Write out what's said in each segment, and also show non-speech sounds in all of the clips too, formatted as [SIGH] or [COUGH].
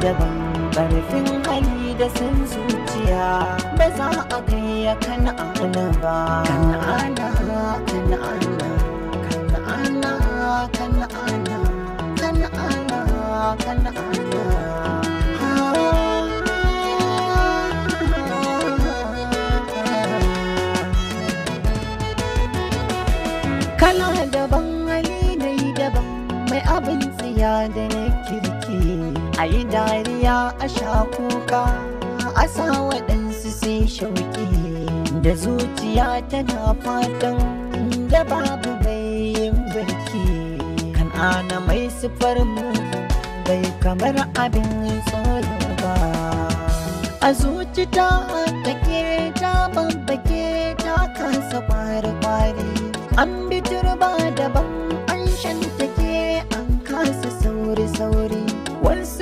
daban ƙarfin hali da san zuciya ba za a kai ya kana ana ba kana ana kana ana kana ana kana ana kana ana kana ana kala daban hali dai daban mai abin tsiya da ne a yi dariya a sha kuka a sa waɗansu sai shauki da zuciya tana fatan da babu bayin barki kan mai sufar mu bai kamar abin tsoro ba a zuci ta take ta bambake ta kasa kwari-kwari an bi turba daban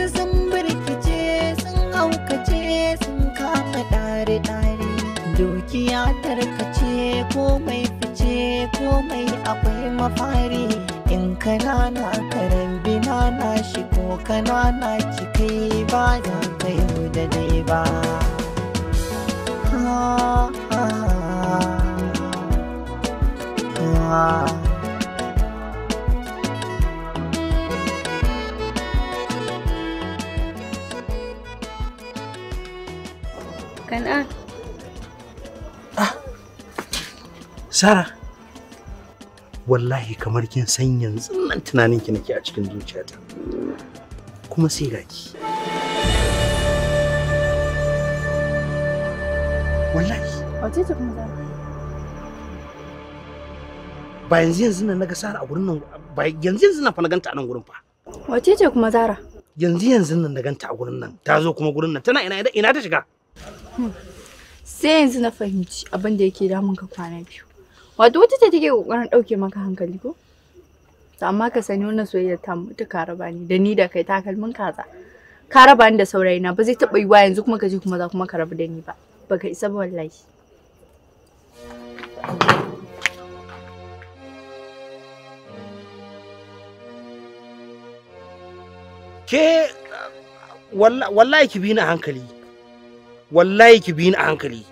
wasu sun birkice sun haukace sun kama ɗare-ɗare dukiya tarkace komai fice komai akwai mafari in kanana karen na shigo kanana cikai ba za ka yau da dai ba ha kan ah. ah, Sara, wallahi kamar kin san yanzu nan ki nake a cikin zuciyata. Kuma sai ga ki. Wallahi. Wace ce kuma zama? Ba yanzu yanzu nan naga Sara a gurin nan ba yanzu yanzu nan fa na ganta a nan gurin fa. Wace ce kuma Zara? Yanzu yanzu nan na ganta a gurin nan ta zo kuma gurin nan tana ina ina ta shiga. sai yanzu na fahimci abin da yake damun ka kwana biyu wato wata ce take kokarin dauke maka hankali ko To amma ka sani wannan soyayya ta mutu ka da ni da kai takalmin kaza Karabani da saurayina ba zai taba yiwa yanzu kuma ka kuma za kuma ka rabu da ni ba baka isa ba wallahi ke wallahi ki bi ni hankali wallahi ki bi ni a hankali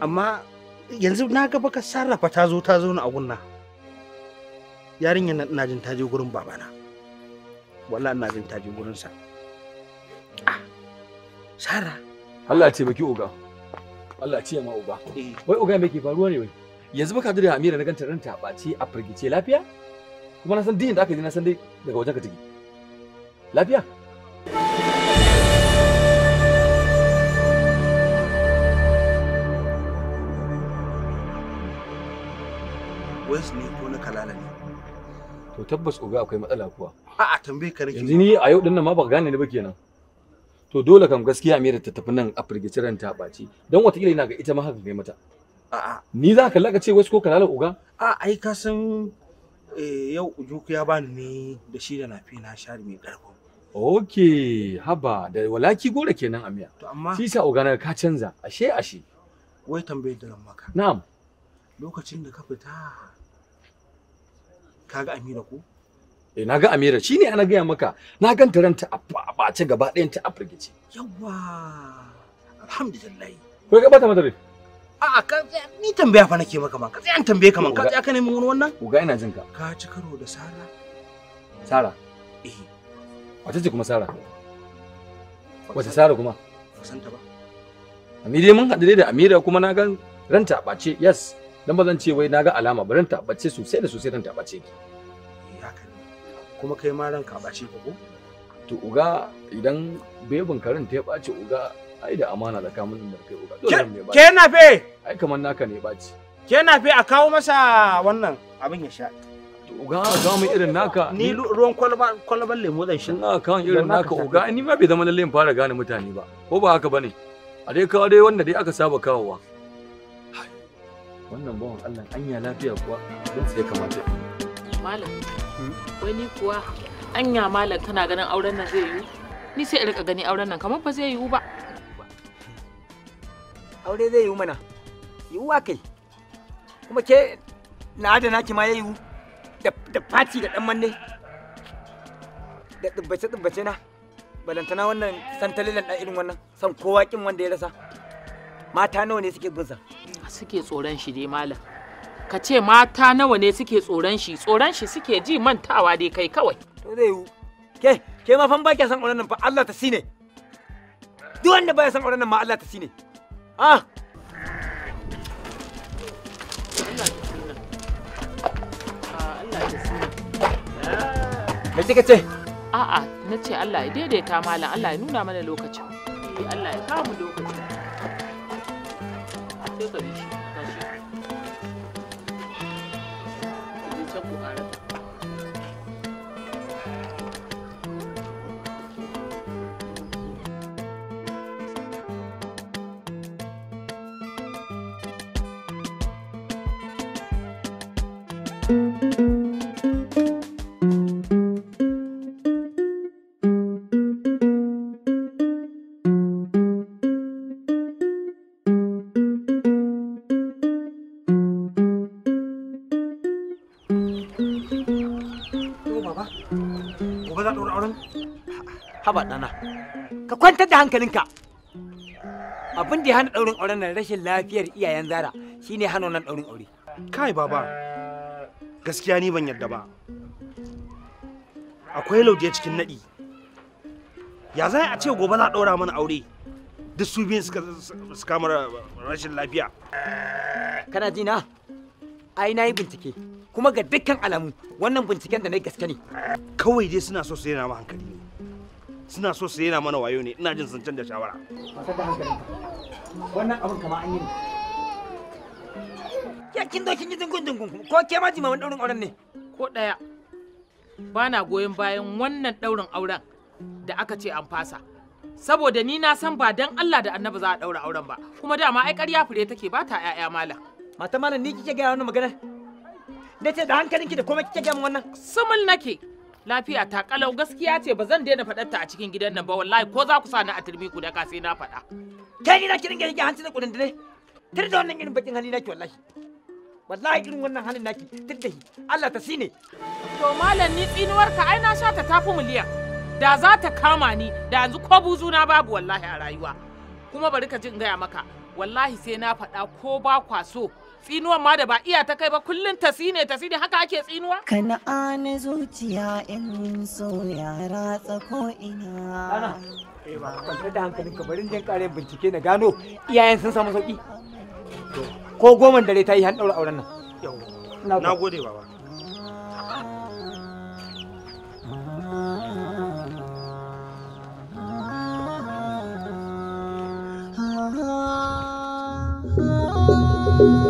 amma yanzu na ga baka sarrafa ta zo ta zo na a gunna yarinyar nan ina jin ta je gurin babana wallahi ina jin ta je gurin sa ah, sara Allah ya ce baki uga Allah ya ce ma uga eh. wai uga me ke faruwa ne wai yanzu baka dure Amira na ganta ranta ce a firgice lafiya kuma na san din da aka yi na san dai daga wajen ka take lafiya Prince ne ko na Kalala ne. To tabbas oga akwai matsala kuwa. a tambaye ka Yanzu ni a yau din nan ma baka gane ni ba kenan. To dole kam gaskiya me da ta tafi nan a firgice ta baci. Dan watakila ina ga ita ma haka kai mata. a Ni za ka laka ce wasu ko Kalala oga? A'a ai ka san eh, yau ujuku ya bani ne da shi da nafi na share mai ƙarfin. Ok, haba da walaki gore kenan amiya. To amma shi sa ogana ka canza ashe ashe. Wai tambayar da maka. Na'am. Lokacin da ka fita kaga Amira ko eh naga Amira shine ana gaya maka na ganta ranta a bace gaba ɗayan ta afirgice yawa alhamdulillah ko ga bata madare a'a ka ni tambaya fa nake maka man ka tsaya an tambaye ka man ka tsaya ka nemi wani wannan ko ga ina jin ka ka ci karo da Sara Sara eh wace ce kuma Sara wata Sara kuma ba san ta ba Amira mun haɗu da Amira kuma na gan ranta a bace yes dan ba zan ce wai naga alama barin ta bace sosai da sosai dan ta bace ni. kuma kai ma ranka bace ka ko to uga idan bebin karin ta ya bace uga ai da amana da kamun da kai uga ke na fe ai kaman naka ne bace ke na fe a kawo masa wannan abin ya sha to uga ga mu irin naka ni ruwan kwalba kwalban lemo zan sha na kawo irin naka uga ni ma bai zama lalle fara gane mutane ba ko ba haka bane a dai kawo dai wanda dai aka saba kawowa wannan bawan Allah anya lafiya kuwa don sai kamata malam hmm? wai ni kuwa anya malam tana ganin auren nan zai yiwu ni sai rika gani auren nan kamar ba zai yiwu ba aure zai yiwu mana yiwuwa kai kuma ke na adana ki ma ya yiwu da fati da dan manne da dubbace dubbace na balantana wannan santalilan dan irin wannan san kowa kin wanda ya rasa mata nawa ne suke bin suke tsoron shi dai malam ka ce mata nawa ne suke tsoron shi tsoron shi suke ji mantawa dai kai kawai to zai yiwu ke ke ma fan baki san auren nan fa Allah ta sine duk wanda baya san auren nan ma Allah ta sine ah Me kika ce? A'a, na ce Allah ya daidaita malam, Allah ya nuna mana lokacin. Eh, Allah ya kawo mu lokacin. 特色一食。haba ɗana ka kwantar da hankalinka abin da ya hana ɗaurin auren nan rashin lafiyar iyayen zara shine hana nan ɗaurin aure kai baba gaskiya ni ban yarda ba akwai lauje cikin naɗi ya za a ce gobe za ɗaura mana aure duk su biyun suka kama rashin lafiya kana ji na ai na yi bincike kuma ga dukkan alamu wannan binciken da na gaske ne kawai dai suna so su na ma hankali ne suna so su yana mana wayo ne ina jin sun canza shawara masar da hankalinka wannan abin kama an yi ya kin dokin gidan gundun ko ke ma daurin auren ne ko daya ba na goyon bayan wannan daurin auren da aka ce an fasa saboda ni na san ba dan Allah da Annabi za a daura auren ba kuma dama ai ƙarya fure take ba ta ƴaƴa malam mata malam ni kike ga wannan magana da ce da hankalinki da komai kike ga wannan sumul nake lafiya ta kalau gaskiya ce ba zan daina faɗar ta a cikin gidan nan ba wallahi ko za ku sa ni a turmi ku da ka sai na faɗa kai ni na kirin dinga yake hanci da kudin dare tir da wannan irin bakin hali naki wallahi wallahi irin wannan halin naki tir da Allah ta sine to malam ni tsinuwar ka ai na sha ta tafi miliyan da za ta kama ni da yanzu ko buzu na babu wallahi a rayuwa kuma bari ka jin gaya maka wallahi sai na faɗa ko ba kwa so tsinuwan ma da ba iya ta kai ba kullum tasi ne tasi ne haka ake tsinuwa kana an zuciya in so ya ratsa ko ina kwantar eh, da hankalin ka barin jin kare bincike na gano iyayen sun samu sauki ko goma dare ta yi han daura auren nan na gode baba Thank ah, ah, you. Ah.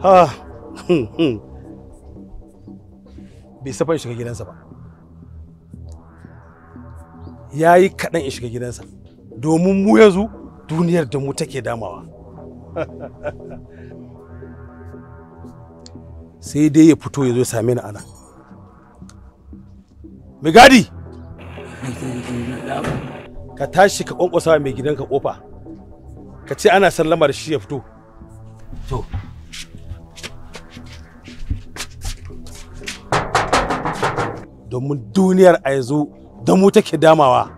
uh, [LAUGHS] [LAUGHS] bai safa shiga gidansa ba ya yi kaɗan ya shiga gidansa domin mu yanzu duniyar da mu take damawa [LAUGHS] sai dai ya fito ya zo same ni ana mai gadi ka tashi ka kwankwasa mai gidanka kofa ka ce ana sallama da shi ya fito to domin duniyar a yanzu da mu take damawa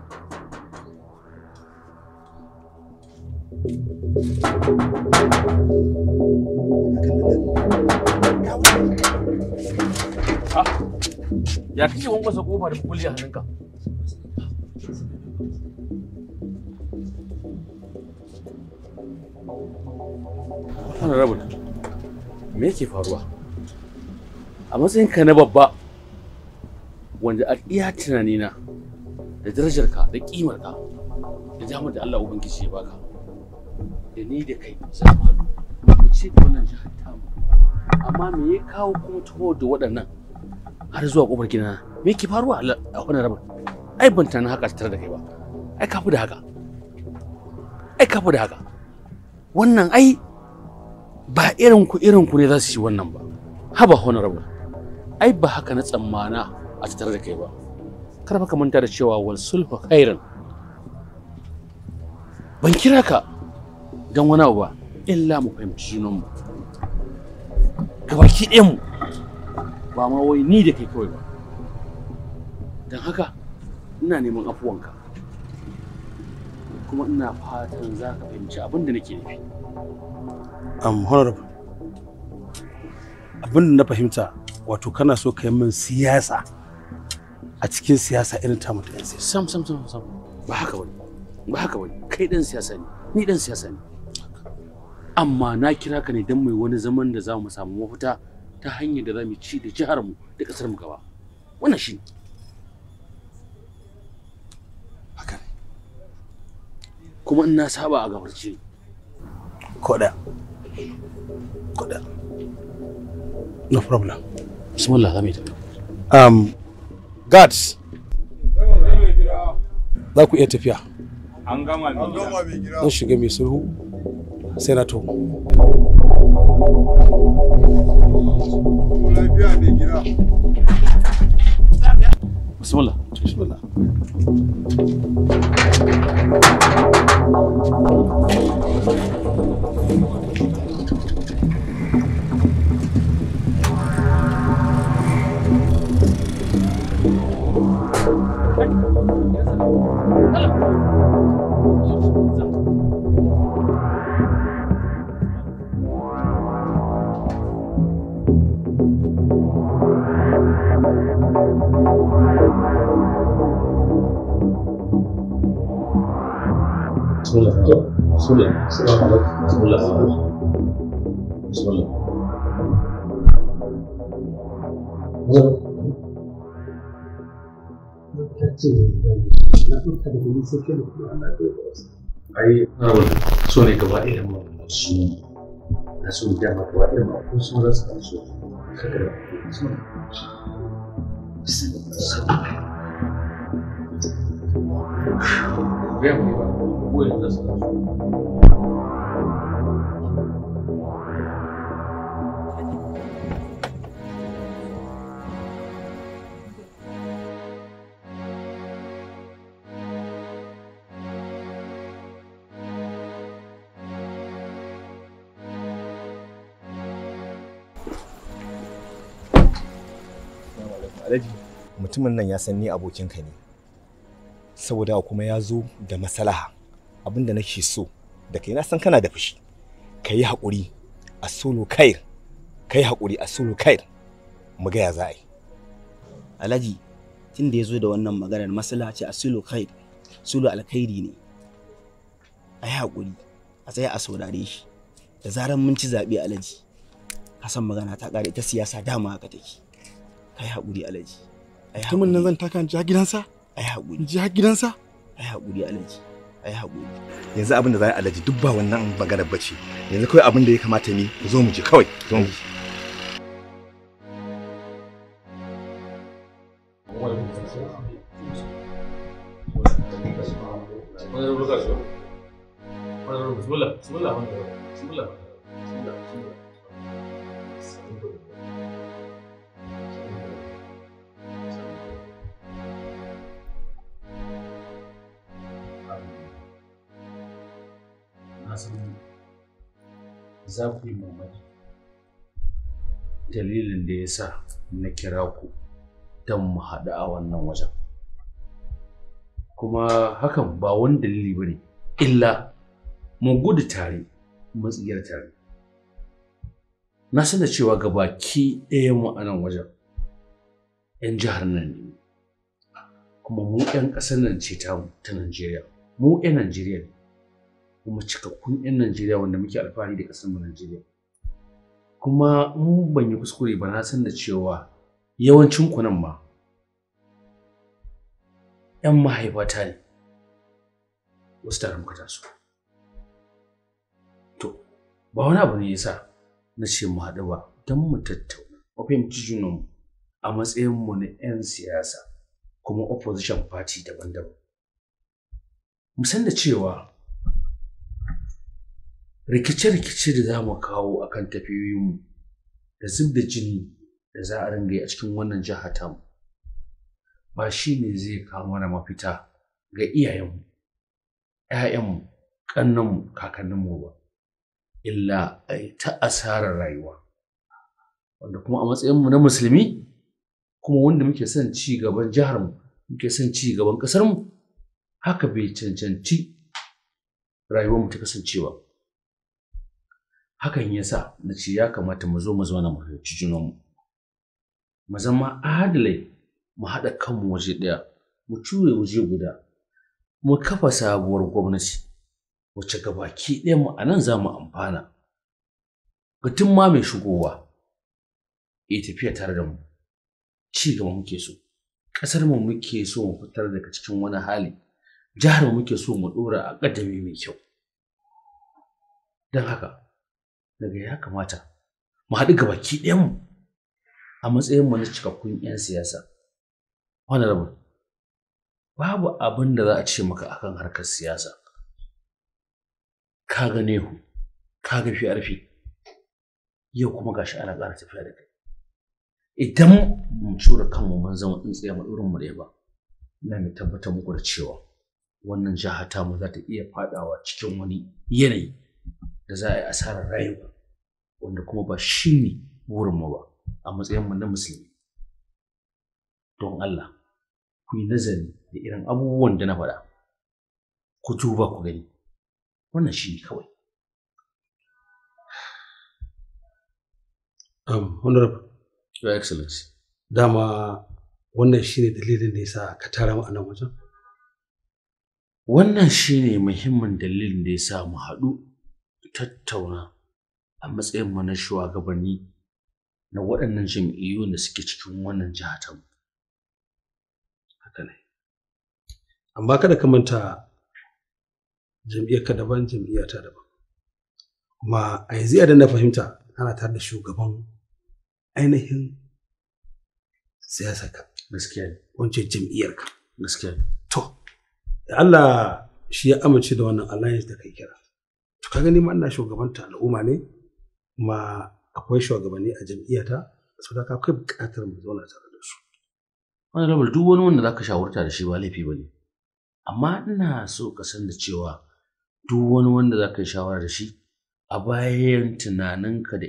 ya kake sa kofa da kulli a hannunka honorable me yake faruwa a matsayinka na babba wanda a iya tunanina da darajarka da ka da damar da Allah Ubangiji ya baka da ni da kai za mu haɗu mu ce da wannan jihar tamu amma me ya kawo kuma taho da waɗannan har zuwa ƙofar gina me ke faruwa a wannan rabar ai ban tana haka tare da kai ba ai kafu da haka ai kafu da haka wannan ai ba irin ku irin ku ne za su yi wannan ba haba honorable ai ba haka na tsammana a tattare da kai ba kar ka manta da cewa wal sulhu khairan ban kira ka gan wani abu ba illa mu fahimci junanmu gabaki ɗayan mu ba ma wai ni da kai kawai ba don haka ina neman afuwanka kuma ina fatan za ka fahimci abin da nake nufi am honorable abin da na fahimta wato kana so ka yi min siyasa a cikin siyasa irin ta mutu yan siyasa sam sam sam sam ba haka wani ba haka wani kai dan siyasa ne ni dan siyasa ne amma na kira ka ne dan mai wani zaman da za mu samu mafita ta hanyar da za mu ci da jihar mu da kasar mu gaba wannan shi ne haka ne kuma in na saba a gabarci koda koda no problem bismillah zamu yi um guards za ku iya tafiya an gama zan shiga mai sulhu sai na to bismillah bismillah cin zarafi na ɗauka da kuma sai kai da kuma ana da wasu ai rawar so ne gaba ɗaya ma su na so da ma gaba ɗaya ma ko sun rasa kan so kada Thank you. mutumin nan ya san ni abokinka ne saboda kuma ya zo da masalaha abin da nake so da kai na san kana da fushi ka yi haƙuri a solo kair ka yi haƙuri a solo kair mu gaya za a yi alhaji tun da ya zo da wannan maganar masala ce a solo kair solo alkhairi ne a yi haƙuri a tsaya a saurare shi da zarar mun ci zaɓe alhaji hasan magana ta ƙare ita siyasa dama haka take ka yi haƙuri alhaji mutumin nan zan taka ji gidansa ai haƙuri ji gidansa ai haƙuri alaji ai haƙuri yanzu abin da za a alaji duk ba wannan bagara bace yanzu kawai abin da ya kamata ni zo mu je kawai zo mu je Bismillah, bismillah, bismillah, bismillah, bismillah. za ku yi mamaki dalilin da ya sa na kira ku don mu haɗu a wannan wajen kuma hakan ba wani dalili ba ne illa mu gudu tare mu tsira tare na san da cewa ga baki ɗaya mu a nan wajen 'yan jihar nan ne kuma mu 'yan ƙasar nan ce ta Najeriya mu 'yan Najeriya ne kuma cikakkun 'yan Najeriya wanda muke alfahari da ƙasar Najeriya. Kuma in ban yi kuskure ba na san da cewa yawancin ku nan ma 'yan mahaifata ne wasu tare muka taso. To, ba wani abu ne ya sa na ce mu haɗu ba don mu tattauna, mu fahimci mu a matsayinmu na 'yan siyasa kuma opposition party daban-daban. Mu san da cewa rikice-rikice da za mu kawo akan tafiyoyinmu da zub da jini da za a ringa yi a cikin wannan jiha ba shi ne zai kawo mana mafita ga iyayenmu ‘ya'yanmu ƙannanmu kakanninmu ba illa a ta asarar rayuwa wanda kuma a matsayinmu na musulmi kuma wanda muke son ci gaban jiharmu muke son ci gaban ƙasarmu haka bai cancanci rayuwarmu ta kasancewa. hakan yasa na ce ya kamata mu zo mu zauna mu fahimci junanmu mu zama adalai mu haɗa kanmu waje ɗaya mu ture waje guda mu kafa sabuwar gwamnati wacce gabaki ɗaya mu a nan za mu amfana batun ma mai shigowa ya tafiya tare da mu ci gaba muke so ƙasar mu muke so mu fitar daga cikin wani hali jihar mu muke so mu ɗora a ƙadami mai kyau don haka daga ya kamata mu haɗu ga baki ɗayanmu a matsayinmu na cikakkun 'yan siyasa honorable babu abin da za a ce maka akan harkar siyasa ka ga ku ka ga fi yau kuma gashi ana ƙara tafiya da kai idan mu cura kanmu mun zama tsintsiya mu ɗurin mu ɗaya ba na mai tabbatar muku da cewa wannan jiha tamu za ta iya faɗawa cikin wani yanayi da za a yi asarar rayuwa wanda kuma ba shi ne burinmu ba a matsayinmu na musulmi don Allah ku yi nazari da irin abubuwan da na faɗa ku tuba ku gani wannan shi ne kawai um, honorable your excellence dama wannan shi ne dalilin da ya sa ka tara mu a nan wajen wannan shi ne muhimmin dalilin da ya sa mu haɗu tattauna a matsayinmu na shugabanni na waɗannan jam'iyyu da suke cikin wannan jiha ta mu. Haka ne. Amma kada ka manta jam'iyyarka daban jam'iyyata daban. Kuma a yanzu idan na fahimta ana tare da shugaban ainihin siyasarka. Gaskiya ne. Wancan jam'iyyarka. Gaskiya ne. To, da Allah shi ya amince da wannan alliance da kai kira. To ka gani ma ina shugabanta al'umma ne? kuma akwai shugabanni a jam'iyyata su da akwai buƙatar mu zauna tare da su. Honorable duk wani wanda zaka shawarta da shi ba laifi ba ne. Amma ina so ka san da cewa duk wani wanda zaka yi shawara da shi a bayan tunaninka da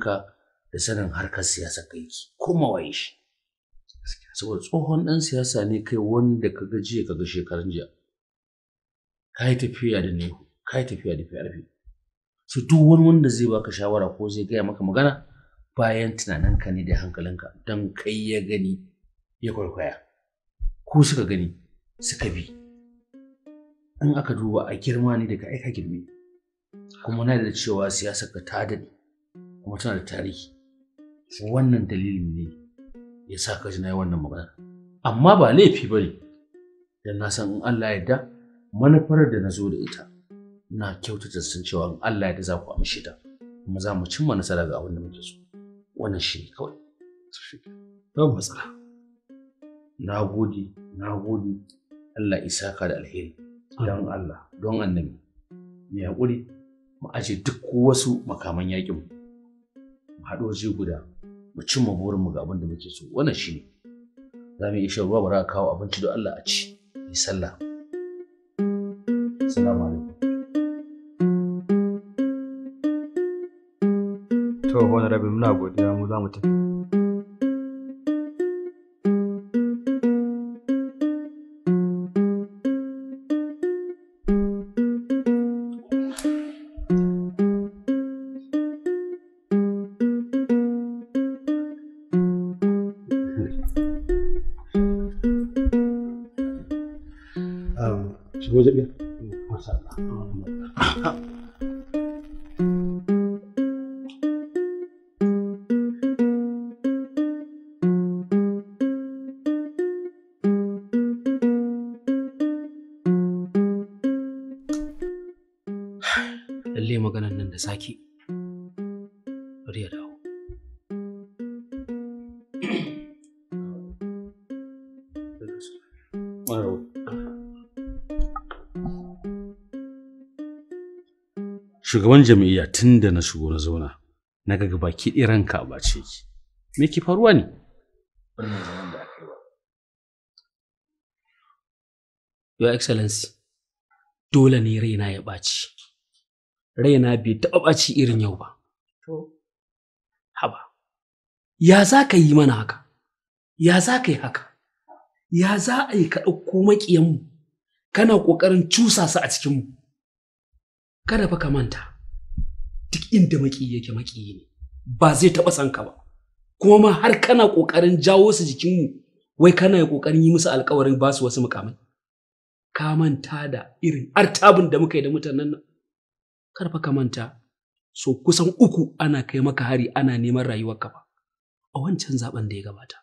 ka da sanin harkar siyasa kai ki ko mawaye shi. Saboda tsohon ɗan siyasa ne kai wanda ka ga jiya ka ga shekarun jiya. Ka yi tafiya da nehu, ka yi tafiya da fiye su duk wani wanda zai baka shawara ko zai gaya maka magana bayan tunanin ka ne da hankalinka don kai ya gani ya kwaikwaya ko suka gani suka bi in aka duba a girma ne daga aika girme kuma na da cewa siyasar ka ta daɗe kuma tana da tarihi wannan dalilin ne ya sa ka ji na yi wannan magana amma ba laifi ba ne don na san in Allah ya manufar da na zo da ita na kyautata sun cewa in Allah ya da za ku amshi ta kuma za mu cimma nasara ga abin da muke so wannan shi ne kawai babu matsala na gode na gode Allah isa ka da alheri don Allah don annabi mai haƙuri mu aje duk wasu makaman yaƙin mu haɗu waje guda mu cimma mu ga abin da muke so wannan shi ne za mu yi shan ruwa ba za a kawo abinci don Allah a ci kawai rabin muna godiya mu za tafi shugaban jam'iyya tun da na shigo na zauna na ga baki ɗaya ranka ba ce ki me ki faruwa ne your excellency dole ne raina ya ɓaci raina bai taɓa ɓaci irin yau ba to haba ya za ka yi mana haka ya za ka yi haka ya za a yi ka ɗauko maƙiyanmu kana ƙoƙarin cusa su a cikinmu kada fa ka manta duk inda maki yake maki ne ba zai taɓa san ka ba kuma ma har kana kokarin jawo su jikinmu wai kana yi ƙoƙarin yi musu alƙawarin ba su wasu mukamai ka manta da irin artabin da muka yi da mutanen nan Kada fa ka manta so kusan uku ana kai maka hari ana neman rayuwar ka ba a wancan zaben da ya gabata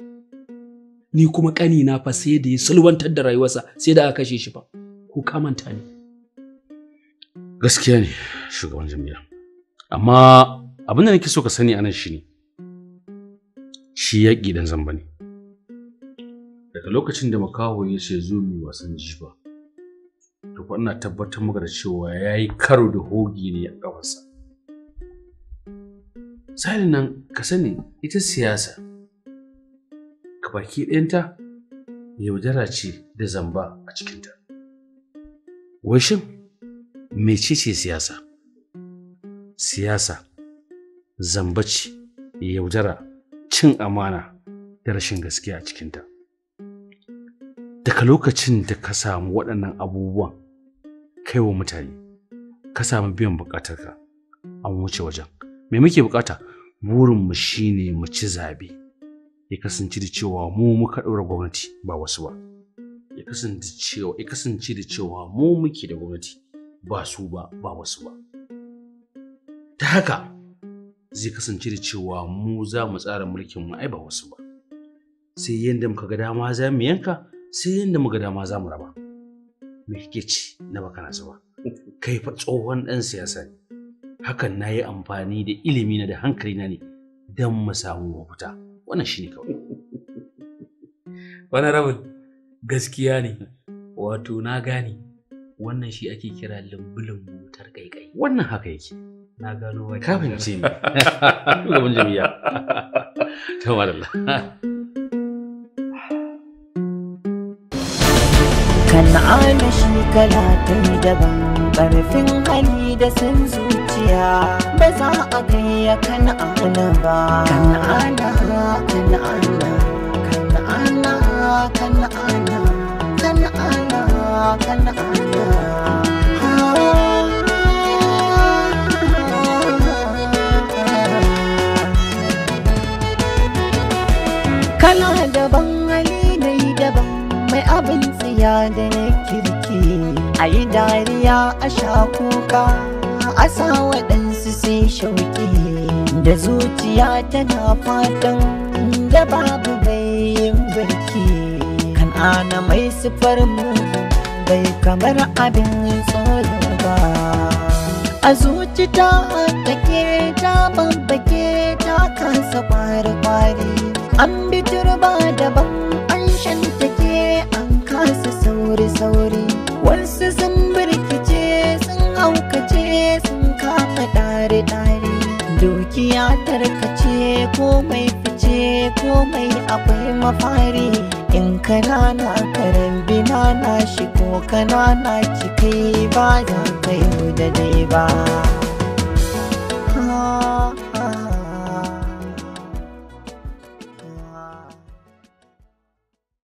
ni kuma ƙani na fa sai da ya sulwantar da rayuwarsa sai da aka kashe shi ba. ko ka manta ne gaskiya ne shugaban jami'a amma abin da nake so ka sani anan shi ne shi yaƙi dan zamba ne daga lokacin da makaho ya ce zo mu wasan jifa to fa ina tabbatar maka da cewa yayi karo da hogi ne a kafarsa sai nan ka sani ita siyasa ka baki ɗayanta yaudara ce da zamba a cikinta wai shin mecece siyasa siyasa zambaci yaudara cin amana da rashin gaskiya a cikinta daga lokacin da ka samu waɗannan abubuwan kai wa mutane ka samu biyan ka, an wuce wajen me muke buƙata burinmu shine mu ci zabe ya kasance da cewa mu muka ɗora gwamnati ba wasu ba ya kasance da cewa mu muke da gwamnati ba su ba ba wasu ba ta haka zai kasance da cewa mu za mu tsara mulkin mu ai ba wasu ba sai yadda muka ga dama za mu yanka sai yadda muka ga dama za mu raba me kike ci na baka na zuba kai fa tsohon dan siyasa ne hakan na yi amfani da ilimi na da hankali na ne don mu samu mafita wannan shine kawai wani rabin gaskiya ne wato na gane wannan shi ake kira lumbulun wutar kaikai wannan haka yake na gano wa ka fahimce ni gaban [LAUGHS] jami'a to madalla kana ana shi kala ta daban karfin hali da san zuciya ba za a kai ya kana ana ba kana ana kana ana kana ana kana ana Kana daban hali daban mai abin tsiya da na kirki a yi dariya a sha kuka a sa waɗansu sai shauki da zuciya tana fatan da babu bai yin barki kan ana mai siffar mu bai kamar abin tsoro ba a zuci ta take ta bambake, ta kansa kwari-kwari an bi turba daban an shantake an kasa sauri-sauri wasu sun birkice sun haukace sun kama dare-dare dukiya tarkace komai fice komai akwai mafari in kanana karen bina na shigo kanana kike ba za ka yi da dai ba